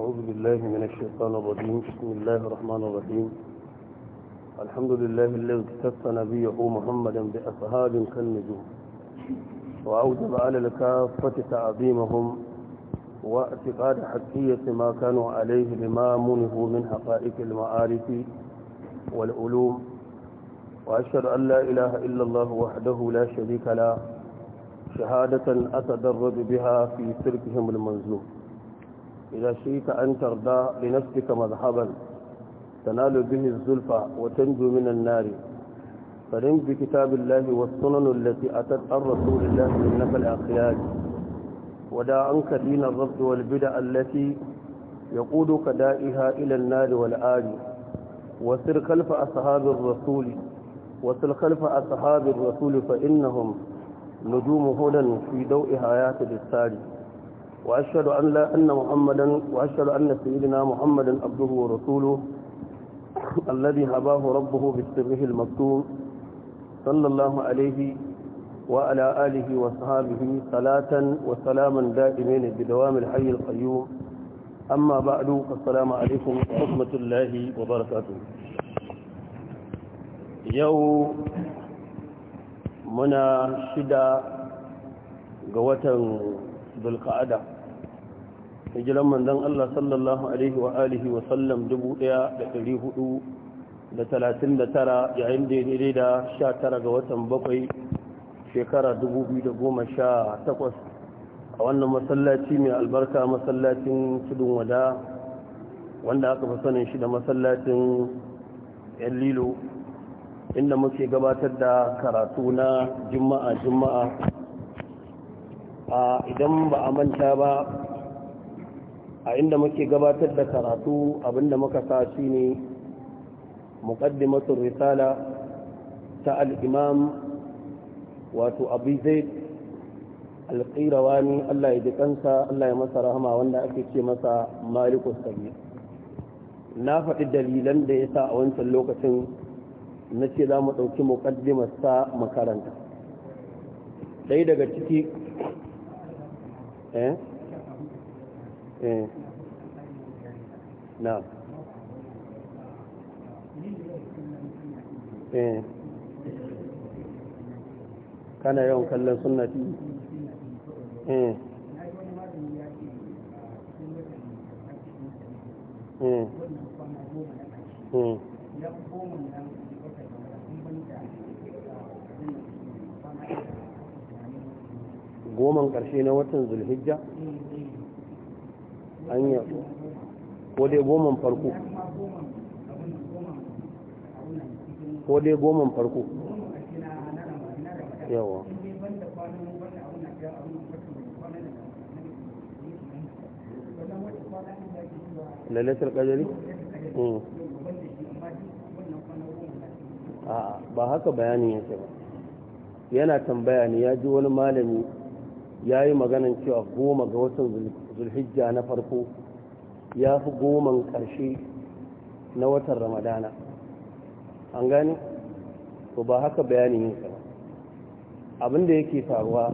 أعوذ بالله من الشيطان الرجيم بسم الله الرحمن الرحيم الحمد لله الذي اكتفى نبيه محمدا بأصحاب كالنجوم وأوجب على الكافة تعظيمهم واعتقاد حقية ما كانوا عليه لما منه من حقائق المعارف والعلوم وأشهد أن لا إله إلا الله وحده لا شريك له شهادة أتدرج بها في سلكهم المنزوم إذا شئت أن ترضى لنفسك مذهبا تنال به الزلفى وتنجو من النار فلم بكتاب الله والسنن التي أتت عن رسول الله من نفى الأخلاق ودع عنك دين الرفض والبدع التي يقودك دائها إلى النار والآل وسر خلف أصحاب الرسول وسر خلف أصحاب الرسول فإنهم نجوم هدى في ضوء حياة الإستاذ وأشهد أن لا أن محمدا وأشهد أن سيدنا محمدا عبده ورسوله الذي هباه ربه بالسره المكتوم صلى الله عليه وعلى آله وصحابه صلاة وسلاما دائمين بدوام الحي القيوم أما بعد فالسلام عليكم ورحمة الله وبركاته يوم منا شدا قوة zulqa'ada hijiran manzon Allah sallallahu alaihi wa alihi wa sallam 1439 yayin da daidai da 19 ga watan bakwai shekara 2018 a wannan masallaci mai albarka masallacin tudun wada wanda aka fi sanin shi da masallacin yan lilo inda muke gabatar da karatu na juma'a juma'a idan ba a manta ba a inda muke gabatar da karatu abinda muka sa shi ne muqaddimatul risala ta al’imam wato abu zai Allah ya ji kansa Allah ya masa rahama wanda ake ce masa malikus sabi na faɗi dalilan da ya sa a wancan lokacin na ce za mu ɗauki muqaddimarsa makaranta ɗaya daga ciki Eh? Eh. na eh. kana yawan kallon sunnati ƙarshe na watan zulhijja an yi ko dai goman farko ko dai goman farko yawa lalatar ƙajari? Hmm. ba haka bayanin yake ba yana tambaya ne ya ji wani malami ya yi maganan cewa goma ga watan zulhijja na farko ya fi goman ƙarshe na watan ramadana an gani to ba haka bayanin yin ba abinda yake faruwa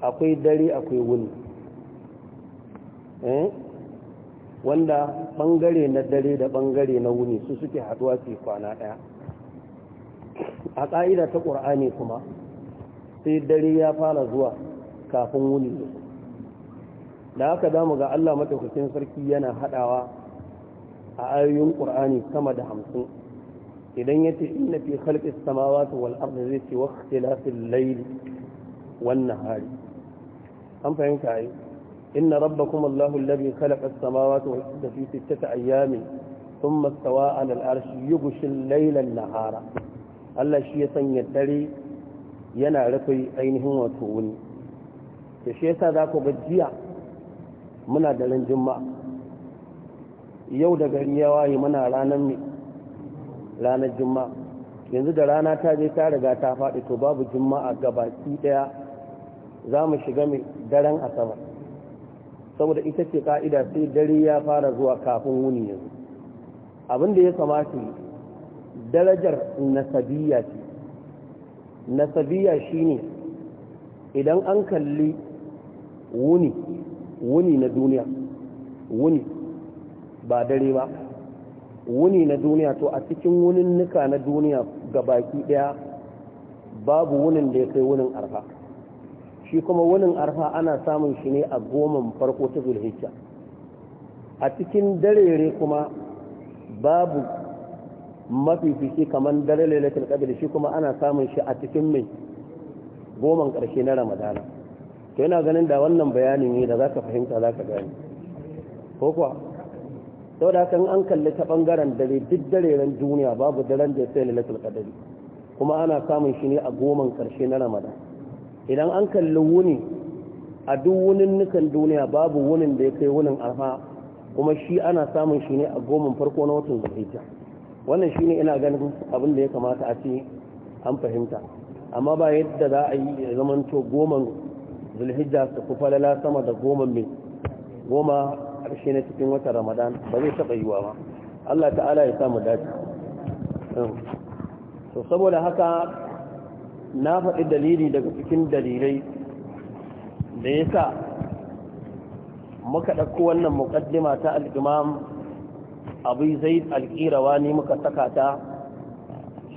akwai dare akwai wuni eh? wanda bangare na dare da bangare na wuni su suke haduwa su kwana daya a ƙa'ida ta ƙur'ani kuma sai dare ya fara zuwa kafin wuni da da haka za mu ga Allah matakakin sarki yana haɗawa a ayoyin ƙur'ani sama da hamsin idan ya ce inna fi khalqis samawati wal ardi zai ce waqtilafil layli wan nahari an fahimta ai inna rabbakum Allahu alladhi khalaqa as-samawati wal arda fi sittati ayamin thumma istawa 'ala al-arshi yughshi al-layla nahara Allah shi ya sanya dare yana rufe ainihin wato wuni da shi yasa za ku ga jiya muna da ran juma'a yau da gari ya waye muna ranar ne ranar juma'a yanzu da rana ta je ta riga ta faɗi to babu juma'a gaba ɗaya za mu shiga mai daren asabar saboda ita ce ka'ida sai dare ya fara zuwa kafin wuni yanzu abin da ya kamata darajar nasabiya ce nasabiya shine idan an kalli wuni wuni na duniya wuni ba dare ba wuni na duniya to a cikin wunin nuka na duniya ga baki daya babu wunin da ya kai wunin arfa shi kuma wunin arfa ana samun shi ne a goman farko ta zulhijja a cikin darere kuma babu mafifici kamar dare lailatul qadr shi kuma ana samun shi a cikin mai goman karshe na ramadana to yana ganin da wannan bayanin ne da zaka fahimta zaka gani ko kuwa saboda kan an kalli ta bangaren dare duk dareren duniya babu daren da sai lailatul qadr kuma ana samun shi ne a goman karshe na ramadana idan an kalli wuni a duk wunin nukan duniya babu wunin da ya kai wunin arha kuma shi ana samun shi ne a goman farko na watan zafi wannan shi ne ina ganin abin da ya kamata a ce an fahimta amma ba yadda za a yi zamanto goman zulhijja su ku falala sama da goman mai goma ƙarshe na cikin wata ramadan ba zai taɓa yiwa ba allah ta'ala ya samu dace so saboda haka na faɗi dalili daga cikin dalilai da ya sa muka ɗauko wannan muƙaddima ta al'imam abu zai alƙirawa ne muka saka ta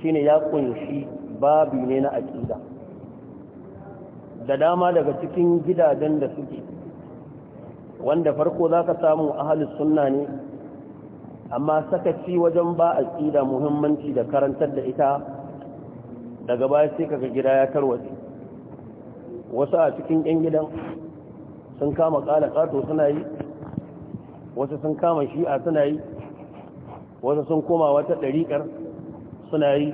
shine ya ƙunshi babu ne na aƙida da dama daga cikin gidajen da suke wanda farko za ka samu ahalus sunna ne amma sakaci wajen ba aƙida muhimmanci da karantar da ita daga baya sai kaga gida ya tarwace wasu a cikin 'yan gidan sun kama ƙala ƙato suna yi wasu sun kama shi'a suna yi wasu sun koma wata ɗariƙar suna yi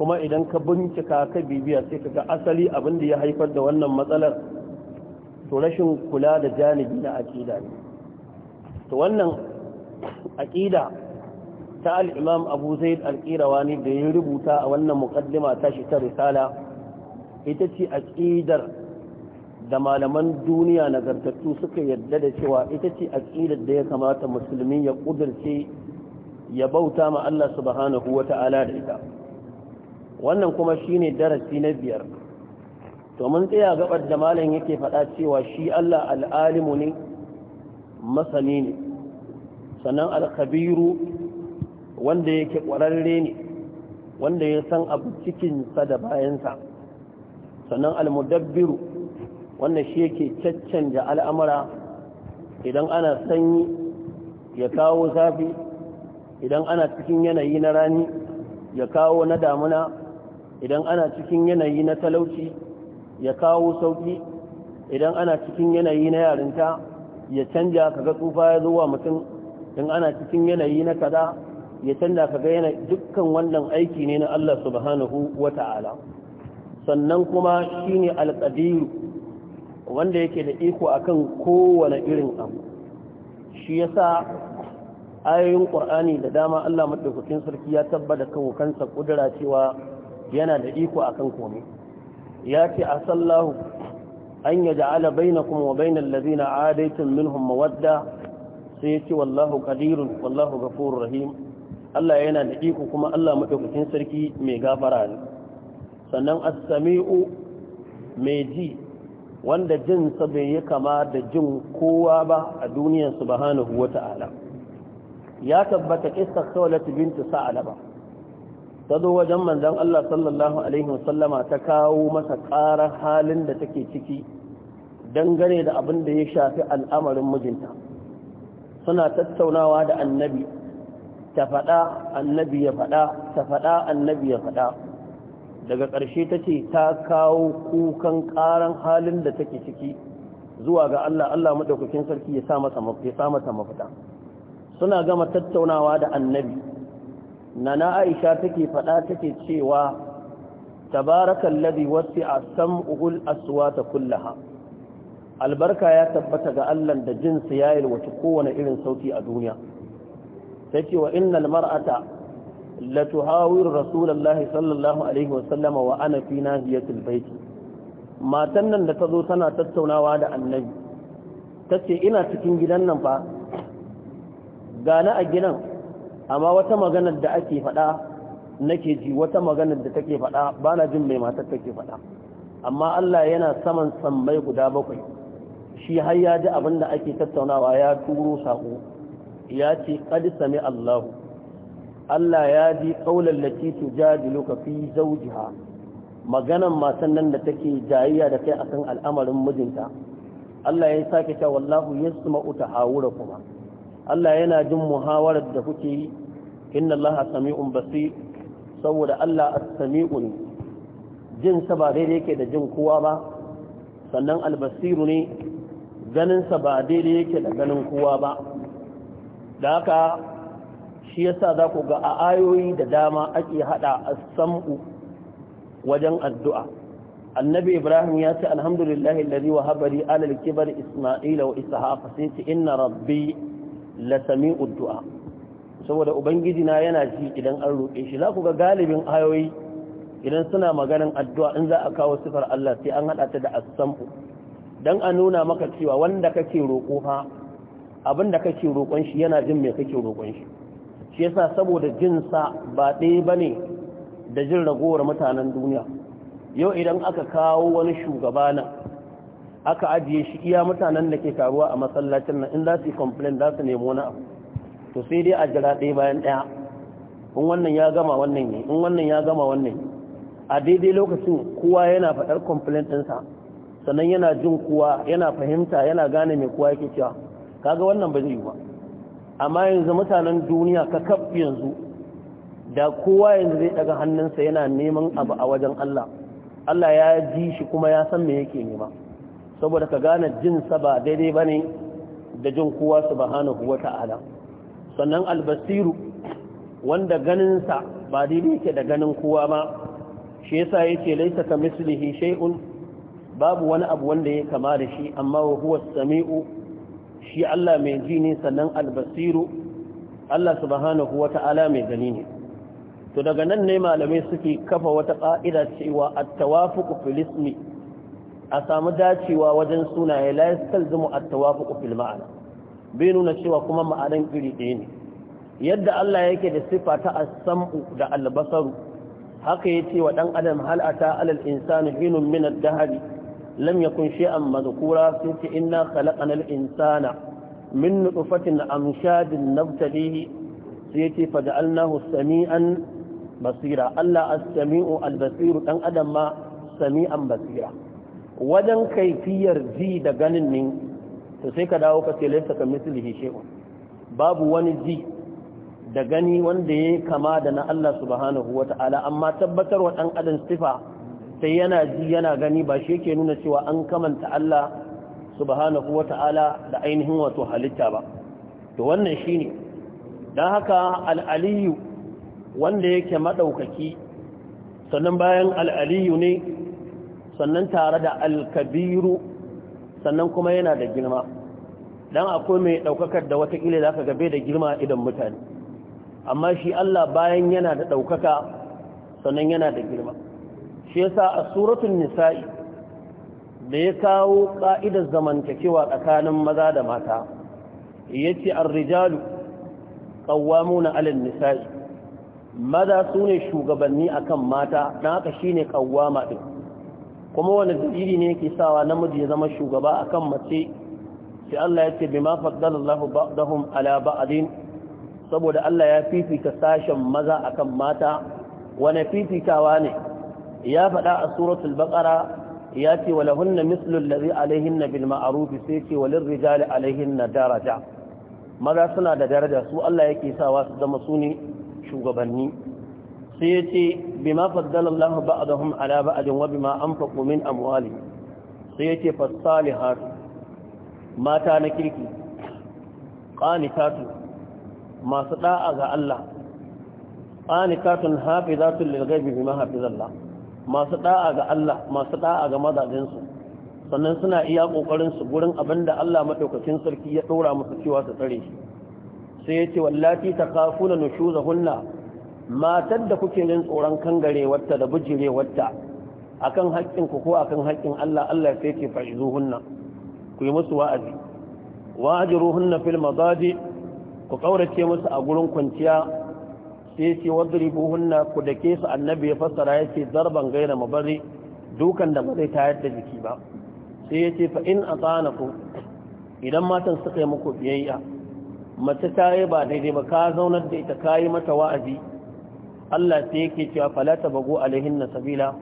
kuma idan ka bincika ka bibiya sai ka ga asali abin da ya haifar da wannan matsalar to rashin kula da janibi na aƙida ne to wannan aƙida ta al'imam abu zai alƙirawa ne da ya rubuta a wannan muƙaddima ta shi ta risala ita ce aƙidar da malaman duniya nagartattu suka yadda da cewa ita ce aƙidar da ya kamata musulmi ya ƙudurce ya bauta ma Allah subhanahu wa ta'ala da ita wannan kuma shine darasi na biyar to mun tsaya gabar da malam yake faɗa cewa shi Allah al'alimu ne masani ne sannan al-khabiru wanda yake ƙwararre ne wanda ya san abu cikinsa da bayansa sannan al-mudabbiru wanda shi yake caccanja al'amura idan ana sanyi ya kawo zafi idan ana cikin yanayi na rani ya kawo na damuna idan ana cikin yanayi na talauci ya kawo sauki idan ana cikin yanayi na yarinta ya canja kaga tsufa ya zuwa mutum idan ana cikin yanayi na kaza ya canja kaga yana dukkan wannan aiki ne na Allah subhanahu ta'ala sannan kuma shi ne alƙadiru wanda yake da iko akan kowane irin abu shi yasa ayoyin ƙur'ani da dama Allah madaukakin sarki ya tabbata kawo kansa kudura cewa yana da iko kan komai ya ce a sallahu an ya ja'ala kuma wa bainal ladina adaitum minhum mawadda sai ya ce wallahu qadirun wallahu ghafurur rahim Allah yana da iko kuma Allah madaukakin sarki mai gafara ne sannan as-sami'u mai ji wanda jinsa bai yi kama da jin kowa ba a duniyar subhanahu wata'ala ya tabbata kissar saulat bintu sa'alaba ta zo wajen manzon Allah sallallahu alaihi wasallama ta kawo masa ƙarar halin da take ciki dangane da abin da ya shafi al'amarin mijinta suna tattaunawa da annabi ta faɗa annabi ya faɗa ta faɗa annabi ya faɗa daga ƙarshe ta ce ta kawo kukan ƙaran halin da take ciki zuwa ga Allah Allah maɗaukakin sarki ya sa masa mafita suna gama tattaunawa da annabi nana aisha take faɗa take cewa tabarakan ladi wasu a sam'ul aswata kullaha albarka ya tabbata ga allah da jinsu ya yalwaci kowane irin sauti a duniya ta ce wa innal mar'ata la tuhawir rasulullahi sallallahu alaihi wasallama wa ana fi nahiyatul bait matan nan da ta zo tana tattaunawa da annabi ta ce ina cikin gidan nan fa gani a gidan amma wata maganar da ake faɗa nake ji wata maganar da take faɗa ba na jin mai matar take faɗa amma Allah yana saman sammai guda bakwai shi har ya ji abin da ake tattaunawa ya turo saƙo ya ce ƙadi sami Allah Allah ya ji ƙaular lati tujadiluka fi zawjiha maganan matan nan da take jayayya da kai akan al'amarin mijinta Allah ya sake cewa wallahu yasma'u kuma. Allah yana jin muhawarar da kuke yi inna Allah sami'un basir saboda Allah as-sami'u jin sa ba daidai yake da jin kowa ba sannan al-basiru ne ganin sa ba daidai yake da ganin kowa ba da haka shi yasa za ku ga a ayoyi da dama ake hada as-sam'u wajen addu'a annabi ibrahim ya ce alhamdulillahi alladhi wahaba li al-kibar isma'ila wa ishaqa sai ce inna rabbi la uddu'a du'a saboda ubangiji na yana ji idan an roƙe shi za ku ga galibin ayoyi idan suna maganin addu'a in za a kawo sifar Allah sai an haɗa ta da as-sam'u a nuna maka cewa wanda kake roƙo fa abin da kake roƙon shi yana jin me kake roƙon shi shi yasa saboda jin sa ba ɗaya bane da jin ragowar mutanen duniya yau idan aka kawo wani shugaba na aka ajiye shi iya mutanen da ke karuwa a masallacin nan in za su yi complain za su nemo na to sai dai a jira ɗaya bayan ɗaya in wannan ya gama wannan ne in wannan ya gama wannan a daidai lokacin kowa yana faɗar complain ɗinsa sannan yana jin kowa yana fahimta yana gane mai kowa yake cewa kaga wannan ba zai yi ba amma yanzu mutanen duniya ka kaf yanzu da kowa yanzu zai daga hannunsa yana neman abu a wajen Allah Allah ya ji shi kuma ya san me yake nema saboda ka gane jinsa ba daidai ba ne da jin kowa hana kuwa ta'ala sannan albasiru wanda ganinsa ba daidai yake da ganin kowa ma shi yasa ce laisa ka mislihi shay'un babu wani abu wanda ya kama da shi amma wa kuwa samiu shi Allah mai ji ne sannan albasiru Allah su hana kuwa ta'ala mai gani ne to daga nan ne malamai suke kafa wata ƙa'ida cewa at tawafuku fil a samu dacewa wajen sunaye la yastalzimu a tawafuq fil ma'ana bai nuna cewa kuma ma'anan iri ɗaya ne yadda Allah yake da sifa ta da albasaru haka ya ce wa dan adam halata ata alal insani hinun min dahari lam yakun shay'an madhkura sai inna khalaqnal insana min nutfatin amshadin nabtalihi sai yace faj'alnahu sami'an basira Allah as-sami'u al-basiru dan adam ma sami'an basira wajen kaifiyar ji da ganin ne to sai ka dawo ka ce laifta ka mislihi shay'un babu wani ji da gani wanda ya kama da na Allah subhanahu wata'ala amma tabbatar wa dan adam sifa sai yana ji yana gani ba shi yake nuna cewa an kamanta Allah subhanahu wata'ala da ainihin wato halitta ba to wannan shine dan haka al-aliyu wanda yake madaukaki sannan bayan al-aliyu ne sannan tare da alkabiru sannan kuma yana da girma dan akwai mai daukakar da watakila za ka bai da girma idan mutane amma shi Allah bayan yana da daukaka sannan yana da girma shi yasa a suratul nisa'i da ya kawo ka'idar zamantakewa tsakanin maza da mata yace ar-rijalu qawwamuna na an-nisa'i maza sune shugabanni akan mata dan haka shine qawwama din kuma wani dalili ne yake sawa namiji ya zama shugaba akan mace sai Allah ya ce bima faddala Allahu ba'dahum ala ba'din saboda Allah ya fifita sashen maza akan mata wani fifitawa ne ya faɗa a suratul baqara ya ce walahunna mislu allazi alaihinna bil ma'ruf sai ce walil rijali alaihinna daraja maza suna da daraja su Allah yake sawa su zama su ne shugabanni sai ya ce bima faddala Allah ba'dahum ala ba'din wa bima anfaqu min amwali sai ya ce fasalihat mata na kirki qanitatu masu da'a ga Allah qanitatun hafizatun lil ghaibi bima zalla. masu da'a ga Allah masu da'a ga mazajin su sannan suna iya kokarin su gurin abinda Allah madaukakin sarki ya ɗora musu cewa su tsare shi sai ya ce wallati takafuna nushuzahunna matar da kuke yin tsoron wata da bujirewarta akan haƙƙin ku ko akan haƙƙin Allah Allah sai ke fa'izuhunna ku yi musu wa'azi ruhunna fil mazaji ku ƙaurace musu a gurin kwanciya sai ce wadribuhunna ku ke su annabi ya fassara ce zarban gaira mabari dukan da ba zai tayar da jiki ba sai ya fa’in fa in ku idan matan suka yi muku biyayya mace ta yi ba daidai ba ka zaunar da ita ka yi mata wa'azi Allah sai yake cewa fala Alihin na sabila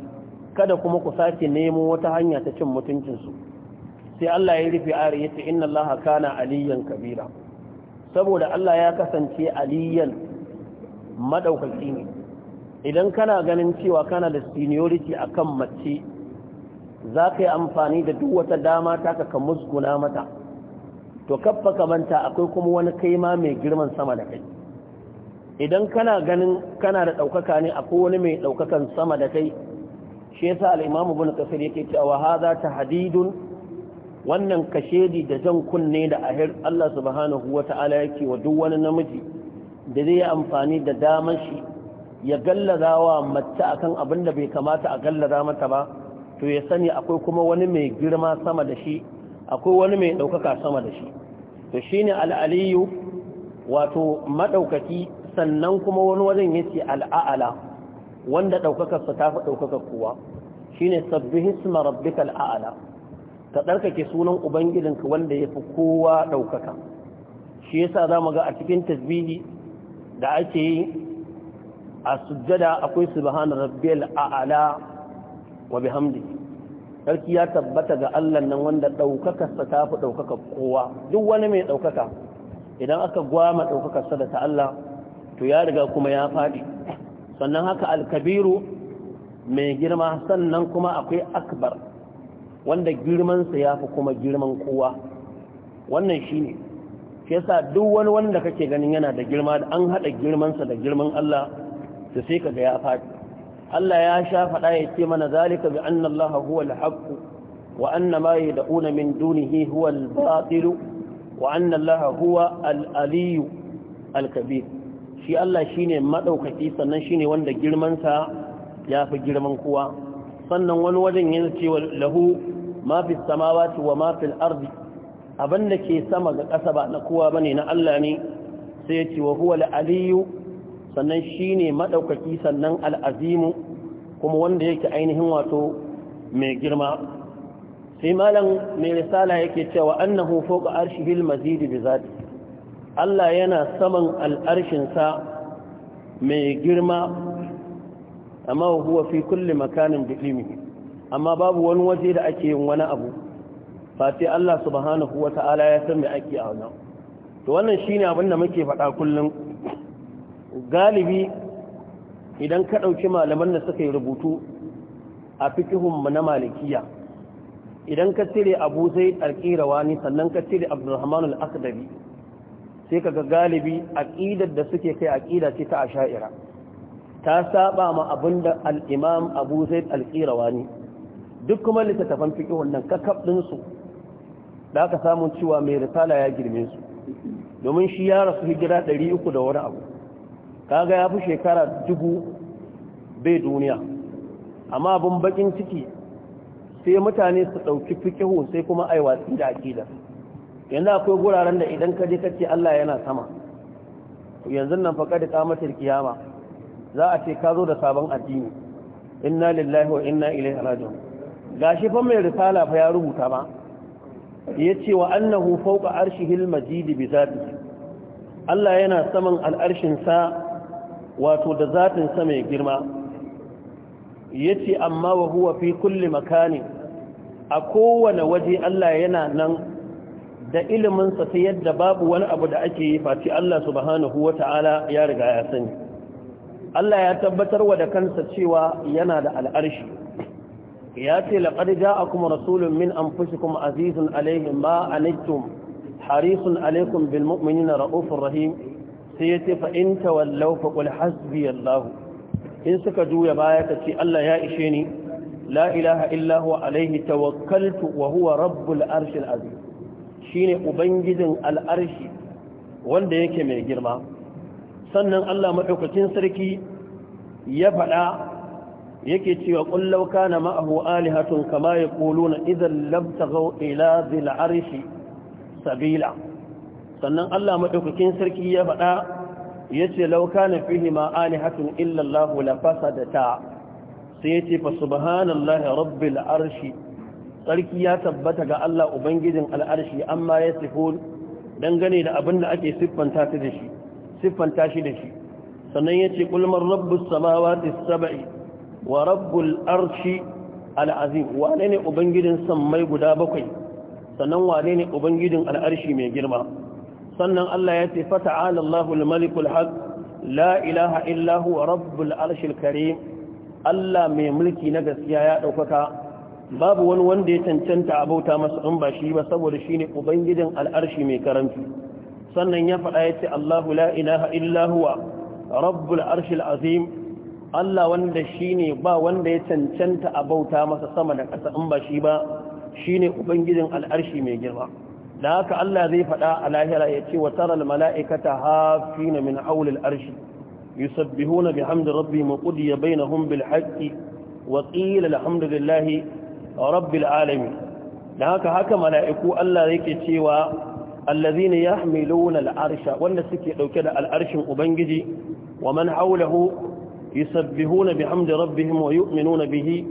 kada kuma ku sake nemo wata hanya ta cin mutuncinsu sai Allah ya rufe ayar ya ce inna Allah kana aliyan kabira saboda Allah ya kasance aliyan madaukaki ne idan kana ganin cewa kana da seniority akan mace za ka yi amfani da duk wata dama ta ka musguna mata to kaffa ka manta akwai kuma wani kaima mai girman sama da kai idan kana ganin kana da ɗaukaka ne a wani mai ɗaukakan sama da kai shi yasa al'imamu bin kasir yake cewa haza ta hadidun wannan kashedi da jan kunne da ahir Allah subhanahu wa ta'ala yake wa duk wani namiji da zai yi amfani da damar shi ya gallaza wa mace akan abin da bai kamata a gallaza mata ba to ya sani akwai kuma wani mai girma sama da shi akwai wani mai ɗaukaka sama da shi to shine al'aliyu wato maɗaukaki sannan kuma wani wajen yake al'a'ala wanda daukakar sa tafi daukakar kowa shine sabbihisma rabbikal a'ala ka tsarkake sunan ubangijinka wanda yafi kowa ɗaukaka shi yasa zamu ga a cikin tasbihi da ake yi a sujjada akwai subhana rabbiyal al'aala wa bihamdihi sarki ya tabbata ga Allah nan wanda ɗaukakarsa ta fi ɗaukakar kowa duk wani mai ɗaukaka idan aka gwama ɗaukakarsa da ta Allah to ya riga kuma ya faɗi sannan haka alkabiru mai girma sannan kuma akwai akbar wanda girmansa ya fi kuma girman kowa wannan shi ne shi yasa duk wani wanda kake ganin yana da girma da an haɗa girmansa da girman Allah su sai kaga ya faɗi Allah ya sha faɗa ya ce mana zalika bi anna Allah huwa al-haqq wa anna ma yad'una min dunihi huwa al-batil wa anna Allah huwa al-aliyyu al-kabir shi Allah ne maɗaukaki sannan ne wanda girmansa ya fi girman kuwa? sannan wani wajen yana cewa lahu ma fi samawati wa ma fil abinda ke sama ga ƙasa ba na ba bane na Allah ne sai ya ce wa huwa al-aliyyu sannan shine sannan al'azimu? kuma wanda yake ainihin wato mai girma sai malam mai risala yake cewa annahu fawqa arshihil mazid bi zati Allah yana saman al'arshinsa mai girma amma huwa fi kulli makanin bi amma babu wani waje da ake yin wani abu sai Allah subhanahu wata'ala ya san me ake a wannan to wannan shine abin da muke faɗa kullum galibi idan ka ɗauki malaman da suka yi rubutu a fikihun na malikiya idan ka cire abu zai alƙirawa sannan ka cire abdurrahman al-akdari sai kaga galibi aqidar da suke kai aqida ce ta asha'ira ta saba ma abinda al-imam Abu Zaid al-Qirawani duk kuma littattafan fiqhun wannan kakab din su da aka samu cewa mai risala ya girme su domin shi ya rasu hijira 300 da wani abu kaga ya fi shekara dubu bai duniya amma abin bakin ciki sai mutane su ɗauki fikihu sai kuma aiwatsi da aƙidar yanzu akwai guraren da idan ka je kace Allah yana sama yanzu nan fa kada kamatar kiyama za a ce ka zo da sabon addini inna lillahi wa inna ilaihi Ga shi fa mai risala fa ya rubuta ba. Ya ce wa annahu fawqa arshihil majid bi zatihi Allah yana saman al'arshin wato da zatin sa mai girma ce amma wa huwa fi kulli makani a kowane waje Allah yana nan da iliminsa ta yadda babu wani abu da ake yi faci Allah subhanahu wa ta'ala ya riga ya sani Allah ya tabbatar wa da kansa cewa yana da al'arshi ya ce laƙar ja'akum rasulun min anfusikum azizun alaihim ba anittum harisun alaikum bil mu'minina ra'ufur rahim sai ya ce fa in tawallaw fa qul in suka juya baya ka ce Allah ya ishe ni la ilaha illa huwa alaihi tawakkaltu wa huwa rabbul arshil azim shine ubangijin al'arshi wanda yake mai girma sannan Allah madaukakin sarki ya faɗa yake cewa qul law kana ma'ahu alihatun kama yaquluna idhan lam tagaw ila dhil arshi sabila sannan Allah madaukakin sarki ya faɗa yace law kana fihi ma alihatun illa Allah la fasadata sai yace fa subhanallahi rabbil arshi tsarki ya tabbata ga Allah ubangijin al'arshi amma ya sifon dangane da abin da ake siffanta shi siffanta shi da shi sannan ya ce ƙulmar rabbus samawati sab'i wa rabbul arshi al'azim wane ne ubangijin sammai guda bakwai sannan wane ne ubangijin al'arshi mai girma sannan Allah ya ce fata Allahul malikul haq la ilaha illahu, wa rabbul arshil karim Allah mai mulki na gaskiya ya ɗaukaka babu wani wanda ya cancanta a bauta masa in ba shi ba saboda shi ne ubangijin al'arshi mai karanci sannan ya faɗa ya ce allahu la ilaha rabbul arshil azim allah wanda shi ne ba wanda ya cancanta a bauta masa sama da ƙasa in ba shi ba shi ne ubangijin al'arshi mai girma da haka allah zai faɗa a lahira ya ce wa taral mala'ikata hafina min haulil arshi yusabbihuna bihamdi rabbihim wa qudiya bainahum bil haqqi wa qila alhamdulillahi rabbil alamin da haka haka mala'iku Allah yake cewa allazina yahmiluna al'arsha wanda suke ɗauke da al'arshin ubangiji wa man hawlahu yusabbihuna bihamdi rabbihim wa yu'minuna bihi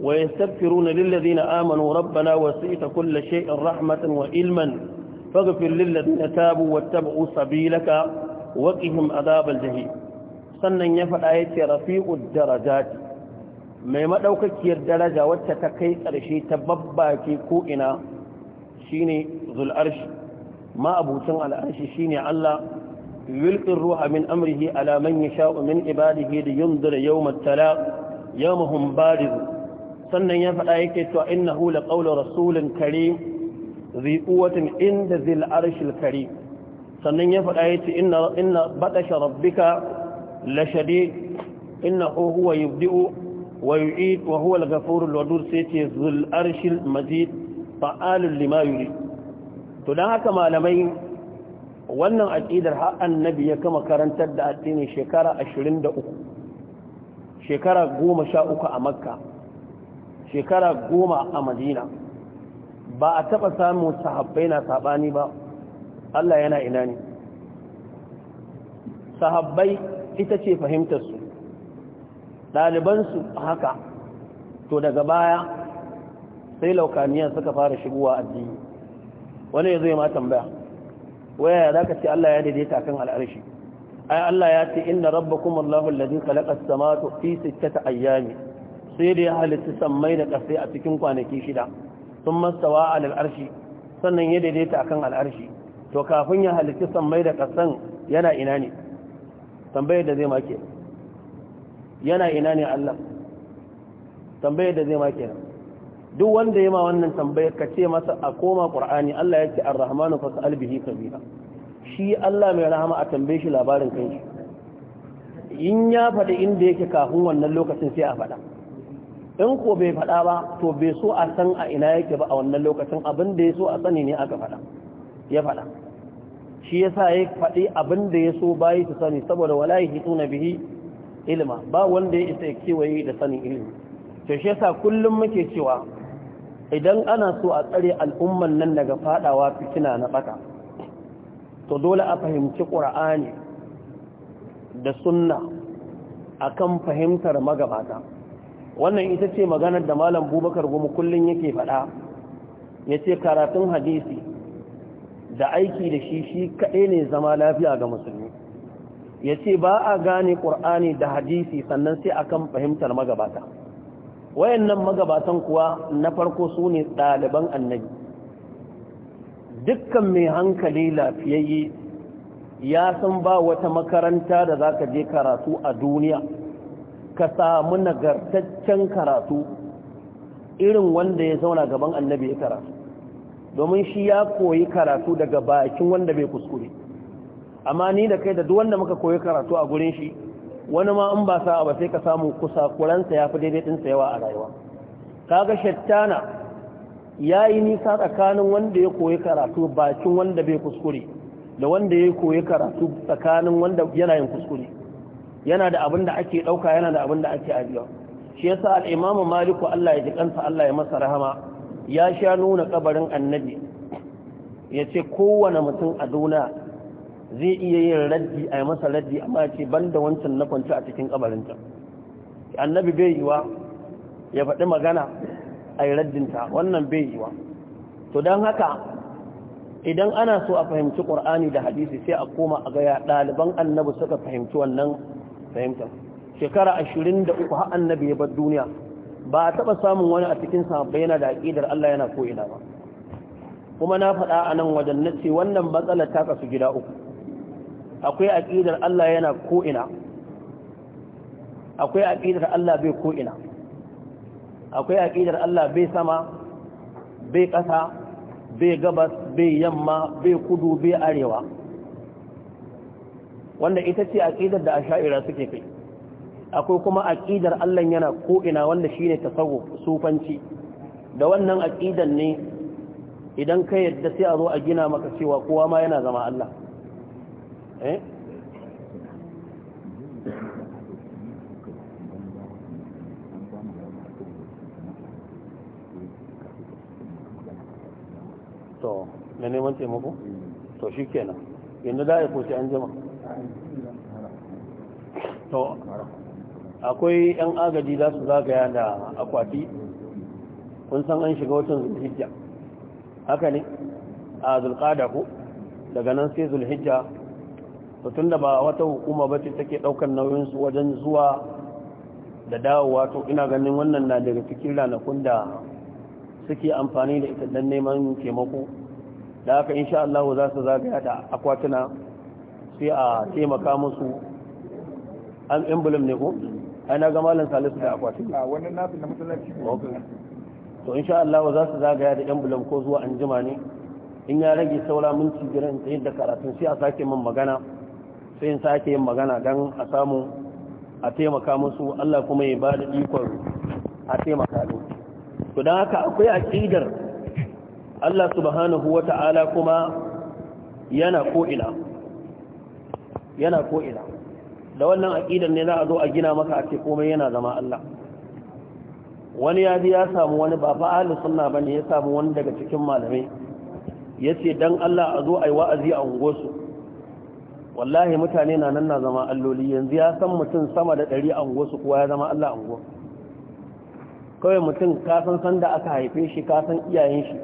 wa yastaghfiruna na amanu rabbana wasi'ta kulli shay'in rahmatan wa ilman faghfir lillazina tabu wattaba'u sabilaka waqihim adhabal jahim sannan ya faɗa yace rafi'ud darajati mai maɗaukakiyar daraja wacce ta kai ƙarshe ta babbake ko'ina shi ne zul'arshi ma'abucin al'arshi shi ne Allah yulƙin ruha min amrihi alaman ya sha'u min ibadihi da yin zura yau matala yau mahun barizu sannan ya faɗa yake cewa inna hula ƙaunar rasulun kare zikuwatin inda zil'arshin kare sannan ya faɗa yake inna baɗashe rabbika lashade inna huwa yubdi'u wa yu'id wa huwa al-ghafurul wadud sai ce zul arshil majid fa'alul lima yurid to dan haka malamai wannan aqidar har annabi ya kama karantar da addini shekara 23 shekara 13 a makka shekara 10 a madina ba a taba samu sahabbai na sabani ba Allah yana ina ne sahabbai ita ce fahimtar su ɗalibansu haka to daga baya sai laukaniyar suka fara shigowa addini wani ya zai ma tambaya waya ya ka ce Allah ya daidaita kan al'arshi ai Allah ya ce inna rabbakum Allahu alladhi khalaqa as-samawati fi sittati ayyami sai da ya halitta sammai da ƙasai a cikin kwanaki shida sun mastawa alal arshi sannan ya daidaita akan al'arshi to kafin ya halitta sammai da ƙasan yana ina ne tambayar da zai make yana ina ne Allah tambayar da zai ma kenan duk wanda ya ma wannan tambayar ka ce masa a koma qur'ani Allah ya ce ar-rahmanu fas'al bihi kabira shi Allah mai rahama a tambaye shi labarin kanshi in ya faɗi inda yake kafin wannan lokacin sai a faɗa in ko bai faɗa ba to bai so a san a ina yake ba a wannan lokacin abin da ya so a sani ne aka faɗa ya faɗa shi yasa ya faɗi abin da ya so bayi su sani saboda wala yahi tuna bihi ilma ba wanda ya isa ya kewaye da sanin ilimi to shi yasa kullum muke cewa idan ana so a tsare al'umman nan daga fadawa fitina na baka to dole a fahimci qur'ani da sunna akan fahimtar magabata wannan ita ce maganar da malam bubakar gumu kullum yake faɗa ya ce karatun hadisi da aiki da shi shi kaɗai ne zama lafiya ga musulmi ya ce ba a gane ƙur'ani da hadisi sannan sai a kan fahimtar magabata wayannan magabatan kuwa na farko su ne ɗaliban annabi dukkan mai hankali lafiyayye ya san ba wata makaranta da za ka je karatu a duniya ka samu nagartaccen karatu irin wanda ya zauna gaban annabi ya karatu domin shi ya koyi karatu daga bakin wanda bai kuskure amma ni da kai da duk wanda muka koyi karatu a gurin shi wani ma in ba sa ba sai ka samu kusa kuransa ya fi daidai ɗinsa yawa a rayuwa kaga shattana ya yi nisa tsakanin wanda ya koyi karatu bakin wanda bai kuskure da wanda ya koyi karatu tsakanin wanda yana yin kuskure yana da abin da ake ɗauka yana da abin da ake ajiya shi yasa al'imamu maliku allah ya ji kansa allah ya masa rahama ya sha nuna kabarin annabi ya ce kowane mutum a duniya zai iya yin raddi a yi masa raddi amma ce ban da wancan na kwanci a cikin kabarinta annabi bai yiwa ya faɗi magana a yi raddinta wannan bai yiwa to don haka idan ana so a fahimci ƙur'ani da hadisi sai a koma a gaya ɗaliban annabi suka fahimci wannan fahimtar shekara ashirin da uku har annabi ya bar duniya ba a taɓa samun wani a cikin ba yana da aƙidar Allah yana ko'ina ba kuma na faɗa a nan wajen na ce wannan matsalar ta kasu gida uku akwai aqidar Allah yana ko ina akwai aqidar Allah bai ko ina akwai aqidar Allah bai sama bai ƙasa bai gabas bai yamma bai kudu bai arewa wanda ita ce aqidar da asha'ira suke kai akwai kuma aqidar Allah yana ko ina wanda shine tasawu sufanci da wannan aƙidar ne idan ka yadda sai a zo a gina maka cewa kowa ma yana zama Allah Eh? to na neman taimako to shi kenan yanzu da ya kusa an jima to akwai 'yan agaji za su zagaya da akwati kun san an shiga watan zulhijja haka ne a zulkada ku daga nan sai zulhijja to tunda ba wata hukuma bace take daukar nauyin su wajen zuwa da dawowa to ina ganin wannan na daga cikin ranakun da suke amfani da ita dan neman taimako da haka insha Allah za su zagaya da akwatuna sai a taimaka musu an emblem ne ko ai na ga malam Salisu da akwatin a wannan nasu na masallaci to insha Allah za su zagaya da emblem ko zuwa anjima ne in ya rage saura minti jiran tsayin da karatun sai a sake min magana sai in sake yin magana don a samu a taimaka musu Allah kuma ya ba da ikon a taimaka su to don haka akwai aƙidar Allah subhanahu wa ta'ala kuma yana ko'ina yana ko'ina da wannan aƙidar ne za a zo a gina maka a ce komai yana zama Allah wani ya ya samu wani ba fa suna sunna bane ya samu wani daga cikin malamai yace dan Allah a zo ai wa'azi a unguwarsu wallahi mutane na nan na zama alloli yanzu ya san mutum sama da ɗari anguwa su kuwa ya zama Allah anguwa kawai mutum kasan sanda aka haife shi kasan iyayen shi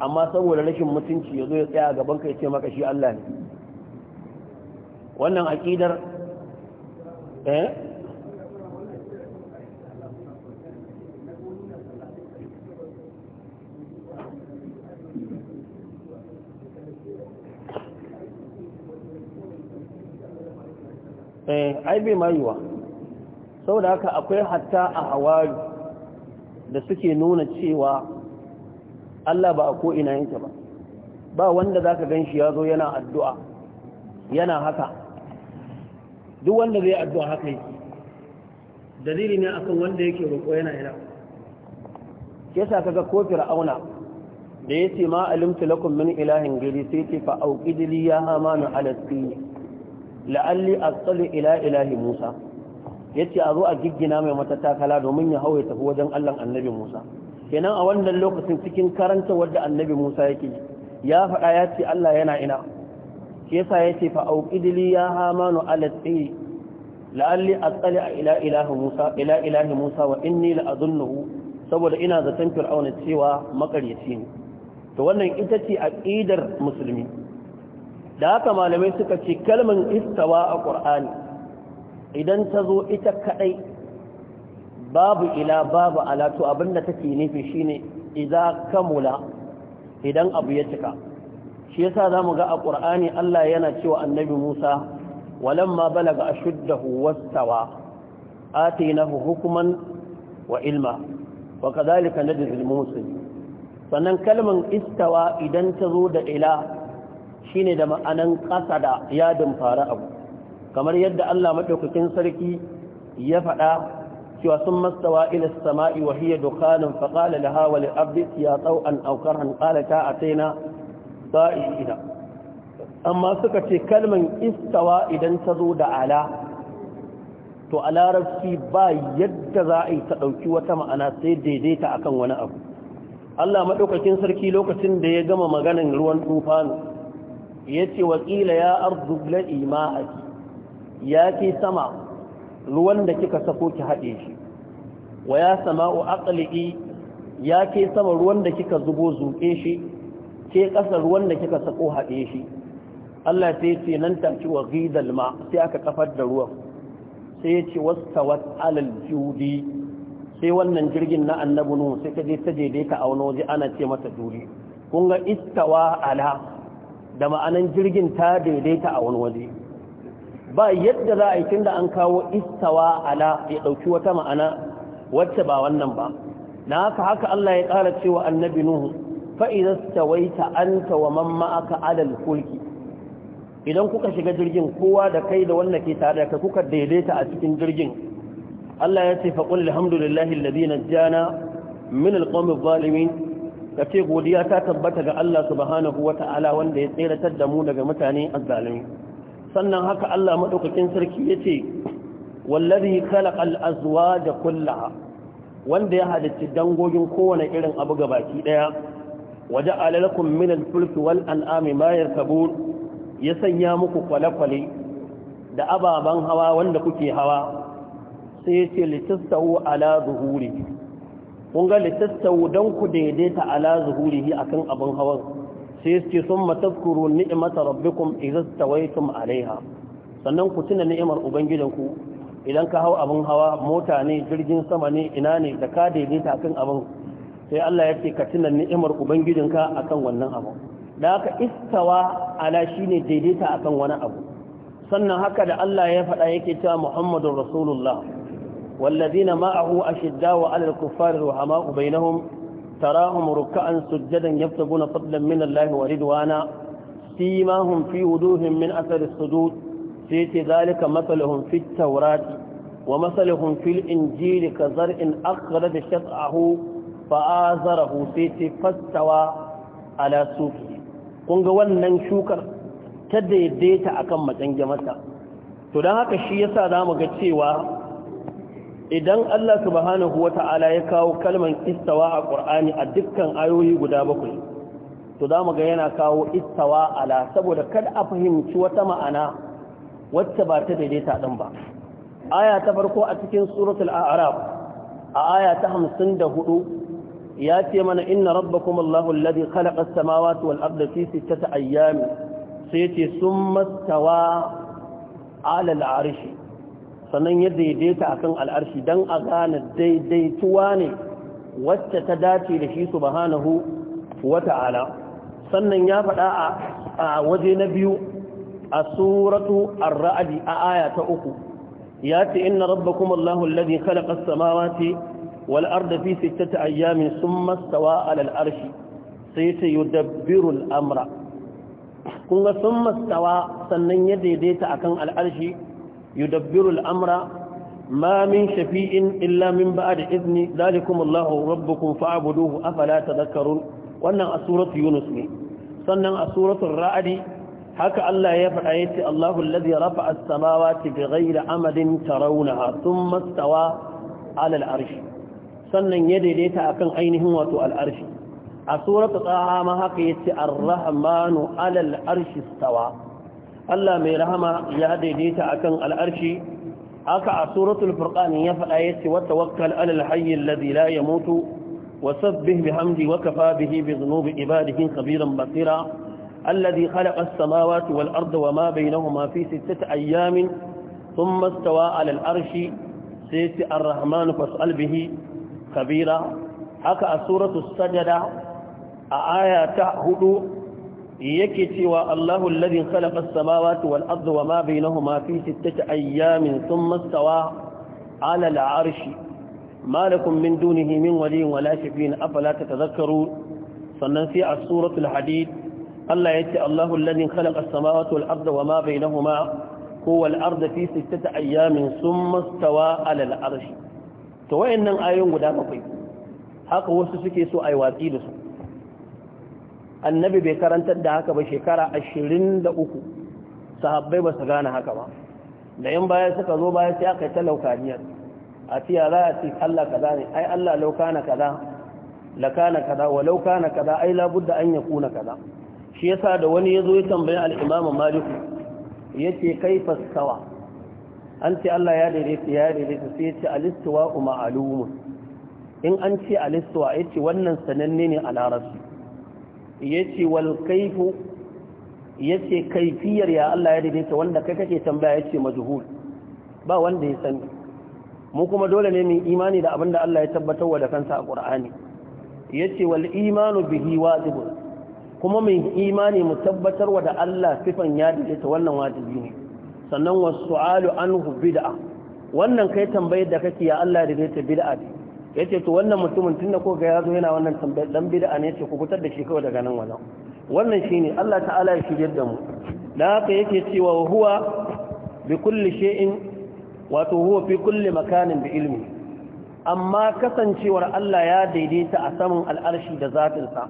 amma saboda rashin mutunci ya zo ya tsaya gaban ka ya ce maka shi Allah ne wannan aƙidar eh eh ai bai mayuwa saboda haka akwai hatta a hawari da suke nuna cewa Allah ba a ko ina yake ba ba wanda zaka ganshi yazo yana addu'a yana haka duk wanda zai addu'a haka yi dalili ne akan wanda yake roƙo yana ina yasa kaga ko fir'auna da yace ma alimtu lakum min ilahin gari sai ce fa auqidli ya hamanu ala la'alli asalu ila ilahi musa yace a zo a giggina mai mata takala domin ya hauwa tafi wajen Allah annabi musa kenan a wannan lokacin cikin karanta wadda annabi musa yake ya faɗa ya ce Allah yana ina sa ya yace fa idili ya hamanu ala tsi la'alli a ila ilahi musa ila ilahi musa wa inni la'azunnuhu saboda ina zaton fir'auna cewa makaryaci ne to wannan ita ce aqidar musulmi da haka malamai suka ce kalman istawa a ƙur'ani idan ta zo ita kaɗai babu ila babu alatu abinda take nufi shine idza kamula idan abu ya cika shi yasa zamu ga a ƙur'ani Allah yana cewa annabi Musa walamma balaga ashuddahu wastawa آتيناه حكما وعلما وكذلك نجزي المحسنين sannan kalman istawa idan ta zo da ila shine da ma'anan ƙasa da yadin fara abu kamar yadda Allah madaukakin sarki ya faɗa cewa sun mastawa ila sama'i wa hiya dukhanin fa qala laha wa lil ya taw'an an karhan qala ta ataina amma suka ce kalman istawa idan ta zo da ala to a larabci ba yadda za a yi ta ɗauki wata ma'ana sai daidaita akan wani abu Allah maɗaukakin sarki lokacin da ya gama maganin ruwan tufan. yace wakila ya ardu bla'i ma'aki ya ke sama ruwan da kika sako ki hade shi wa ya sama'u aqli'i ya ke sama ruwan da kika zubo zuke shi ke ƙasa ruwan da kika sako hade shi Allah sai ya ce nan ci wa ghidal ma sai aka kafar da ruwan sai ya ce wastawat alal judi sai wannan jirgin na annabi sai ka je ta je da ka auna waje ana ce mata judi kun ga istawa ala da ma'anan jirgin ta daidaita a wani waje ba yadda za a yi tunda an kawo istawa ala ya ɗauki wata ma'ana wacce ba wannan ba na haka haka Allah ya ƙara cewa annabi nuhu fa'iza stawaita anta wa man ma'aka alal fulki idan kuka shiga jirgin kowa da kai da wanda ke tare da kai kuka daidaita a cikin jirgin Allah ya ce faqul alhamdulillahi alladhi najjana min alqawmi adh-dhalimin ka ce godiya ta tabbata ga Allah subhanahu wata'ala wanda ya tseratar da mu daga mutane azzalimi sannan haka Allah madaukakin sarki yace wallazi khalaqal azwaja kullaha wanda ya halicci dangogin kowane irin abu gabaki daya waja'ala lakum min al-fulki wal an'ami ma yarkabun ya sanya muku kwale-kwale da ababan hawa wanda kuke hawa sai yace litastawu ala zuhuri kun ga litattawu dan ku daidaita ala zuhurihi akan abin hawan sai yake sun matakuru ni'imata rabbikum idza alaiha sannan ku tuna ni'imar ubangijinku idan ka hau abin hawa mota ne jirgin sama ne ina ne da ka daidaita akan abin sai Allah ya ce ka tuna ni'imar ubangijinka akan wannan abu da haka istawa ala shine daidaita akan wani abu sannan haka da Allah ya faɗa yake cewa Muhammadur Rasulullah والذين معه أشداء على الكفار رحماء بينهم تراهم ركعا سجدا يبتغون فضلا من الله ورضوانا سيماهم في وجوههم من أثر السجود سيت ذلك مثلهم في التوراة ومثلهم في الإنجيل كزرع أخرج شطعه فآزره سيت فاستوى على سوقه kunga wannan shukar ta daidaita akan matsan jama'ta to dan haka shi yasa zamu ga cewa idan Allah subhanahu ta'ala ya kawo kalman istawa a ƙur'ani a dukkan ayoyi guda bakwai to zamu ga yana kawo istawa ala saboda kada a fahimci wata ma'ana wacce ba ta daidaita din ba aya ta farko a cikin suratul Arab a aya ta hudu ya ce mana inna rabbakum Allahu alladhi khalaqa as-samawati wal arda fi sittati ayyam sai ce summa istawa ala al-'arshi sannan ya daidaita akan al'arshi don a gane daidaituwa ne wacce ta dace da shi subhanahu wata'ala sannan ya faɗa a waje na biyu a suratu ar a aya ta uku ya ce inna rabba kuma alladhi khalaqa as-samawati wal arda fi sittati ayyamin ayyami sun mastawa al sai ta yi al-amra kun sun mastawa sannan ya daidaita akan al'arshi. yudabbiru al'amra ma min shafi'in illa min ba'da izni zalikum Allahu rabbukum fa'buduhu afala tadhakkarun wannan a suratu Yunus ne sannan a ra'adi haka Allah ya faɗa yace Allahu alladhi rafa'a as-samawati bighayri amadin tarawunaha thumma istawa 'ala al-'arsh sannan ya daidaita akan ainihin wato al'arshi arsh a suratul Taha ma haka yace ar alal 'ala al-'arshi Allah mai rahama ya daidaita akan al'arshi haka a suratul furqan ya faɗa yace wa tawakkal alal hayy alladhi la yamutu wasabbih bihamdi wa kafa bihi bi dhunubi ibadihi khabiran basira alladhi khalaqa as-samawati wal arda wama bainahuma fi sittati ayamin thumma istawa alal arshi sayti ar-rahman fas'al bihi khabira haka a suratul sajda a ayata huɗu. yake cewa Allahu alladhi khalaqa as-samawati wal arda wama bainahuma fi sittati ayyamin thumma istawa 'ala al-'arshi ma lakum min dunihi min waliyyin wala shafi'in afala tatadhakkarun sannan sai a suratul hadid Allah yace Allahu alladhi khalaqa as-samawati wal arda wama bainahuma huwa al-arda fi sittati ayyamin thumma istawa 'ala al-'arshi to wayannan ayoyin guda bakwai haka wasu suke so ayi watsi da su annabi bai karantar da haka ba shekara ashirin da uku sahabbai ba su gane haka ba da yan baya suka zo baya sai aka yi ta laukaniyar a tiya za a ce allah kaza ne ai allah laukana kaza lakana kaza wa laukana kaza ai da an ya kuna kaza shi yasa da wani ya zo ya tambayi al'imamu maliku ya ce kai fastawa an ce allah ya daidaita ya daidaita sai ya ce alistuwa umarumun in an ce alistuwa ya ce wannan sananne ne a larabci yace wal kaifu yace kaifiyar ya Allah ya daidaita wanda kai kake tambaya yace majhul ba wanda ya sani mu kuma dole ne mu imani da abinda Allah ya tabbatar wa da kansa a Qur'ani yace wal imanu bihi wajib kuma mu imani mu tabbatar wa da Allah sifan ya daidaita wannan wajibi ne sannan was su'alu anhu bid'a wannan kai tambayar da kake ya Allah ya daidaita bid'a ya ce to wannan mutumin tun da ko ga ya zo yana wannan tambayar dan bid'a ne ce ku fitar da shi kawai daga nan wajen wannan shine Allah ta'ala ya shigar da mu da haka yake cewa huwa bi kulli shay'in wato huwa fi kulli makanin bi ilmi amma kasancewar Allah ya daidaita a saman al'arshi da zatinsa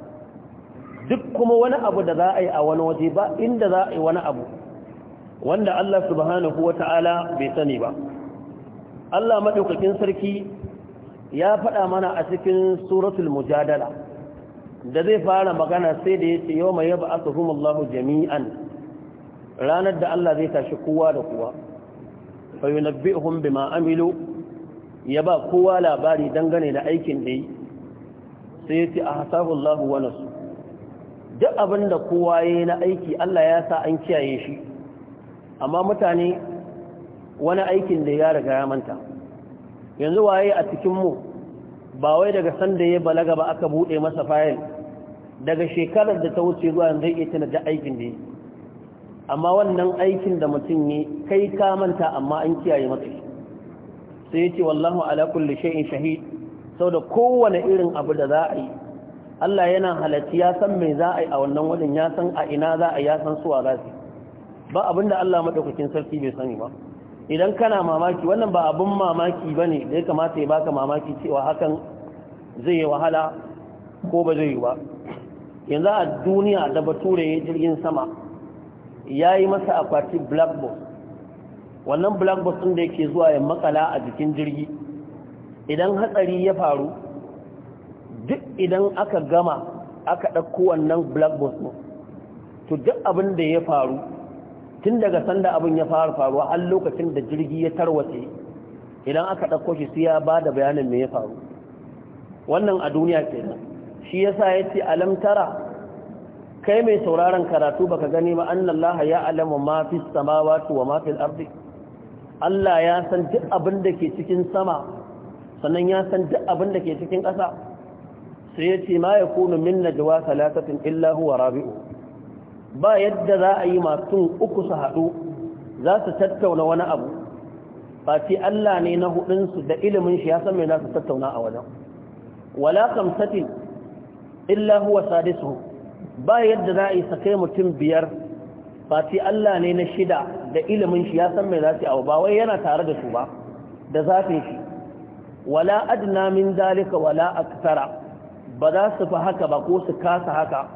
duk kuma wani abu da za a yi a wani waje ba inda za a yi wani abu wanda Allah subhanahu wa ta'ala bai sani ba Allah maɗaukakin sarki ya faɗa mana a cikin suratul mujadala da zai fara magana sai da ya ce yau mai yaba aka humallahu jami'an ranar da Allah zai tashi kowa da kowa fayu na bihun bi ma'amilu ya ba kowa labari dangane da aikin da yi sai ya ce a hasahullahu wa nasu duk abin da kowa ya na aiki Allah ya sa an kiyaye shi amma mutane wani aikin da ya riga ya manta yanzu waye a cikinmu ba wai daga sanda ya balaga ba aka buɗe masa fayil daga shekarar da ta wuce zuwa yanzu iya tana da aikin da amma wannan aikin da mutum ne kai ka manta amma an kiyaye masa shi sai ya ce wallahu ala kulli shay'in shahid sau da kowane irin abu da za a yi Allah yana halatti ya san me za a yi a wannan wajen ya san a ina za a ya san suwa za su ba abinda Allah madaukakin sarki bai sani ba idan kana mamaki wannan ba abin mamaki ba ne da ya kamata ya baka mamaki cewa hakan zai yi wahala ko ba zai yi ba yanzu a duniya da bature ya jirgin sama ya yi masa akwati black box wannan black box ɗin da yake zuwa ya makala a jikin jirgi idan hatsari ya faru duk idan aka gama aka ɗauko wannan black box to duk abin da ya faru tun daga sanda abin ya fara faruwa har lokacin da jirgi ya tarwatse idan aka ɗauko shi su ya ba da bayanin me ya faru wannan a duniya nan, shi yasa ya ce alam tara kai mai sauraron karatu baka gani ba annallaha ya alamu ma fi samawati wa ma fil Allah ya san duk abin da ke cikin sama sannan ya san duk abin da ke cikin ƙasa sai ya ce ma yakunu min najwa salatatin illa huwa rabi'u ba yadda za a yi masu uku su haɗu za su tattauna wani abu ba ce Allah ne na hudunsu da ilimin shi ya san mai za su tattauna a wajen wala kamsatin illa huwa sadisu ba yadda za a yi sakai mutum biyar ba ce Allah ne na shida da ilimin shi ya san mai za su abu ba wai yana tare da su ba da zafin shi wala adna min zalika wala aktara ba za su fi haka ba ko su kasa haka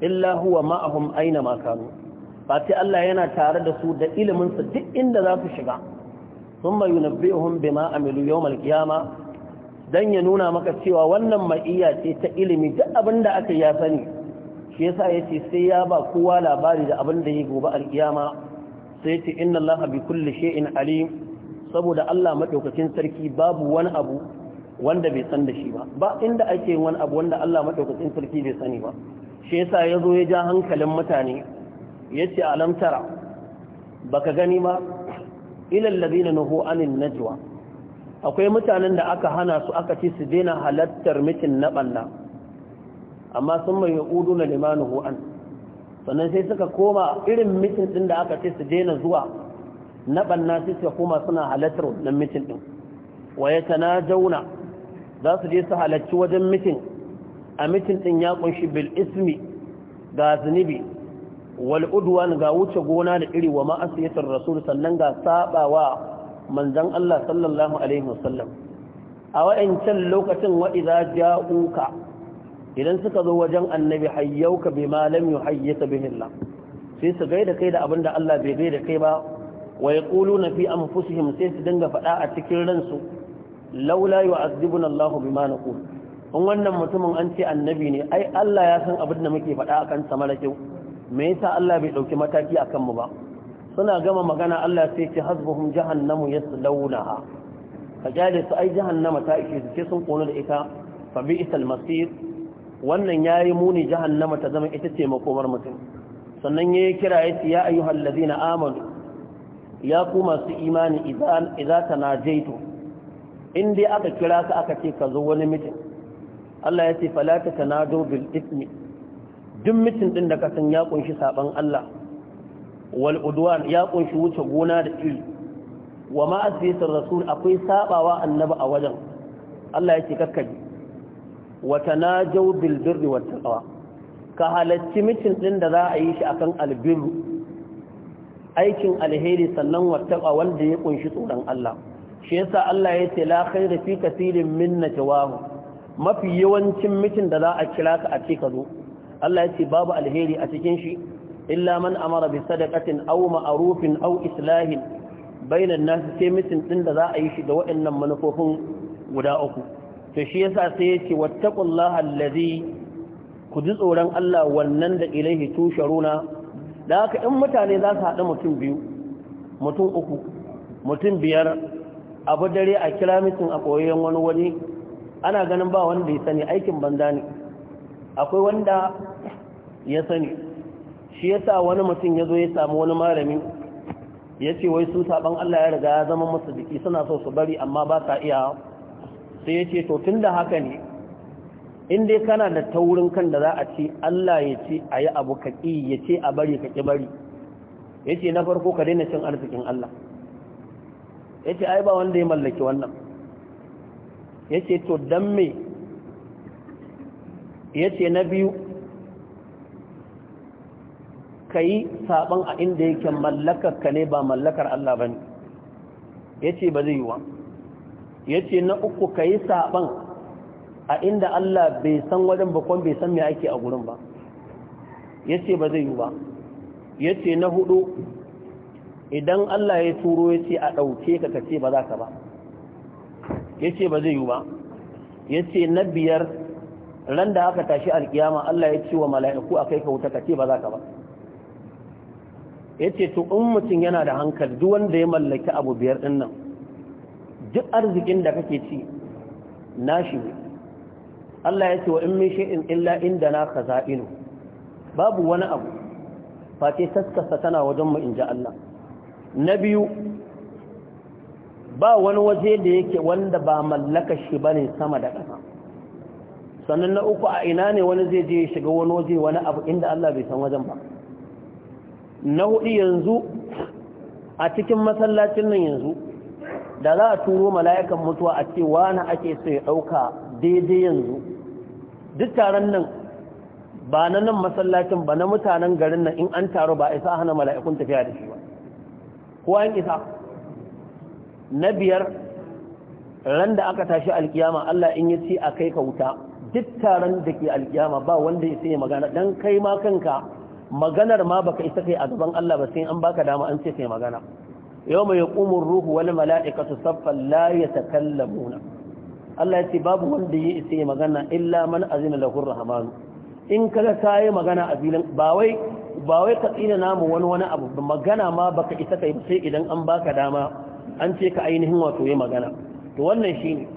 illa huwa ma'ahum aina ma kanu fati Allah yana tare da su da ilimin su duk inda za su shiga thumma yunabbi'uhum bima amilu yawmal qiyama dan ya nuna maka cewa wannan ma'iyya ce ta ilimi duk abinda aka ya sani shi yasa yace sai ya ba kowa labari da abinda yake gobe alkiyama sai yace inna Allah bi kulli shay'in alim saboda Allah madaukakin sarki babu wani abu wanda bai san da shi ba ba inda ake wani abu wanda Allah madaukakin sarki bai sani ba shi yasa ya zo ya ja hankalin mutane ya ce alamtara ba ka gani ba ilallabi na nuhu anin najwa akwai mutanen da aka hana su aka ce su daina halattar mitin na ɓanna amma sun mai udu na limanuhu an sannan sai suka koma irin mitin ɗin da aka ce su daina zuwa na ɓanna sai suka koma suna halattar wannan mitin ɗin wa ya tana jauna za su je su halarci wajen mitin a mitin ya kunshi bil ismi ga zunubi wal udwan ga wuce gona da iri wa ma'asiyatar rasul sannan ga sabawa manzon Allah sallallahu alaihi wasallam a wa'ancan lokacin wa idza ja'uka idan suka zo wajen annabi hayyauka bima lam yuhayyika bihi Allah sai su gaida kai da abinda Allah bai gaida kai ba wa yaquluna fi anfusihim sai su dinga fada a cikin ransu laula yu'adhibuna Allah bima naqul in wannan mutumin an ce annabi ne ai Allah ya san abin da muke faɗa akan sa mara kyau me yasa Allah bai dauki mataki akan mu ba suna gama magana Allah sai ce hasbuhum jahannamu yaslawnaha fajale su ai jahannama ta ishe su ce sun kono da ita fa bi'sal masir wannan yayi muni jahannama ta zama ita ce makomar mutum sannan yayi kira yace ya ayyuhal ladina amanu ya ku masu imani idza tanajaitu in dai aka kira ka aka ce ka zo wani mutum Allah ya ce falata tanado bil ismi duk mutum din da ka san ya kunshi saban Allah wal udwan ya kunshi wuce gona da iri wa ma asbisar rasul akwai sabawa annabi a wajen Allah ya ce kakkabi wa tanajaw bil birri wat taqwa ka halacci mutum din da za a yi shi akan albirru aikin alheri sannan wat taqwa wanda ya kunshi tsoron Allah shi yasa Allah ya ce la khayra fi katirin min najwahum mafi yawancin mitin da za a kira ka a ce ka zo Allah ya ce babu alheri a cikin shi illa man amara bi sadaqatin aw ma'rufin aw islahin bainan nas sai mitin din da za a yi shi da waɗannan manufofin guda uku to shi yasa sai ya ce wattaqullaha allazi ku ji tsoron Allah wannan da ilaihi tusharuna da haka in mutane za su haɗu mutum biyu mutum uku mutum biyar abu dare a kira mitin a koyon wani wani ana ganin ba wanda ya sani aikin banza ne akwai wanda ya sani shi yasa wani mutum ya zo ya samu wani malami ya ce wai su saban Allah ya riga ya zama masu jiki suna so su bari amma ba sa iya sai ya ce to tun da haka ne in dai kana da taurin kan da za a ce Allah ya ce a yi abu ka ya ce a bari ka bari ya ce na farko ka daina cin arzikin Allah ya ce ai ba wanda ya mallaki wannan ya ce to don me ya ce na biyu ka yi a inda yake mallakar ka ne ba mallakar Allah ba ne ya ce ba zai yi wa ya ce na uku ka yi a inda Allah bai san wajen bakon bai san me ake a gurin ba ya ce ba zai yi ba ya ce na hudu idan Allah ya turo ya ce a ɗauke ka kace ce ba za ka ba ya ce ba zai yi ba ya ce na biyar ran da aka tashi alkiyama Allah ya ce wa mala'iku a kai ka wuta ka ce ba za ka ba ya ce to mutum yana da hankali duk wanda ya mallaki abu biyar ɗin nan duk arzikin da kake ci shi ne Allah ya ce wa in min shay'in illa inda na khaza'inu babu wani abu face taskasa tana wajen mu inji Allah na biyu ba wani waje da yake wanda ba mallaka shi ba ne sama da ƙasa sannan na uku a ina ne wani zai je shiga wani waje wani abu inda Allah bai san wajen ba na hudu yanzu a cikin masallacin nan yanzu da za a turo mala'ikan mutuwa a ce wani ake so ya ɗauka daidai yanzu duk taron nan ba na nan masallacin ba na mutanen garin nan in an taro ba isa hana mala'ikun tafiya da shi ba ko an isa na biyar ran da aka tashi alkiyama Allah in ya ce a kai ka wuta duk taron da ke alkiyama ba wanda ya sai magana dan kai ma kanka maganar ma baka isa kai a gaban Allah ba sai an baka dama an ce kai magana yawma yaqumur ruhu wal mala'ikatu saffan la yatakallamuna Allah ya ce babu wanda ya isa magana illa man azina lahu rahman in kaga sai magana a filin ba wai ba wai ka tsina namu wani wani abu magana ma baka isa kai sai idan an baka dama an ce ka ainihin wato ya magana to wannan ne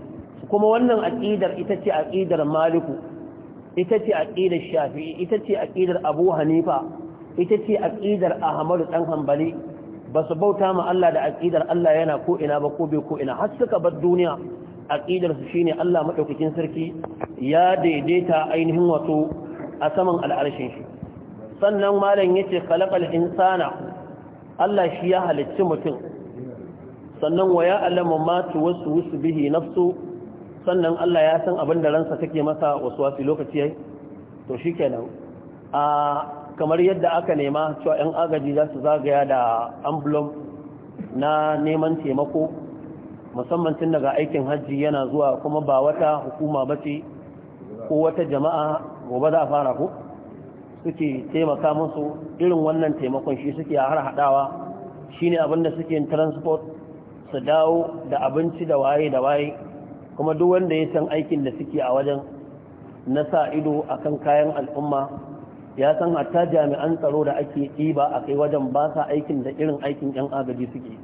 kuma wannan aƙidar ita ce aƙidar maliku ita ce aƙidar shafi'i ita ce aƙidar abu hanifa ita ce aƙidar ahmadu ɗan hambali ba su bauta ma Allah da aƙidar Allah yana ko ina ba ko bai ko ina har suka bar duniya aƙidar su shine Allah madaukakin sarki ya daidaita ainihin wato a saman al'arshin shi sannan malam yace khalaqal insana Allah shi ya halicci mutum sannan wa ya'lamu wasu wasu bihi nafsu sannan Allah ya san abin da ransa take masa wasu wasu lokaci yayi to shikenan a kamar yadda aka nema cewa yan agaji za su zagaya da amblom na neman taimako musamman tun daga aikin hajji yana zuwa kuma ba wata hukuma ba ce ko wata jama'a gobe za a fara ko suke taimaka musu irin wannan taimakon shi suke a har haɗawa shine abin da suke transport su dawo da abinci da waye da waye kuma duk wanda ya san aikin da suke a wajen na sa ido akan kayan al'umma ya san hatta jami'an tsaro da ake ɗiba a kai wajen ba sa aikin da irin aikin 'yan agaji suke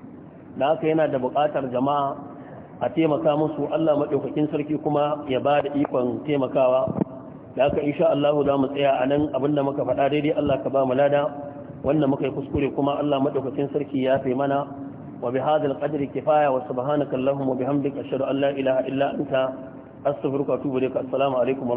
da haka yana da buƙatar jama'a a taimaka musu Allah maɗaukakin sarki kuma ya ba da ikon taimakawa da haka insha Allah za mu tsaya a nan abin da muka faɗa daidai Allah ka ba mu lada wanda muka yi kuskure kuma Allah maɗaukakin sarki ya fi mana وبهذا القدر كفاية وسبحانك اللهم وبحمدك أشهد أن لا إله إلا أنت أستغفرك وأتوب إليك السلام عليكم ورحمة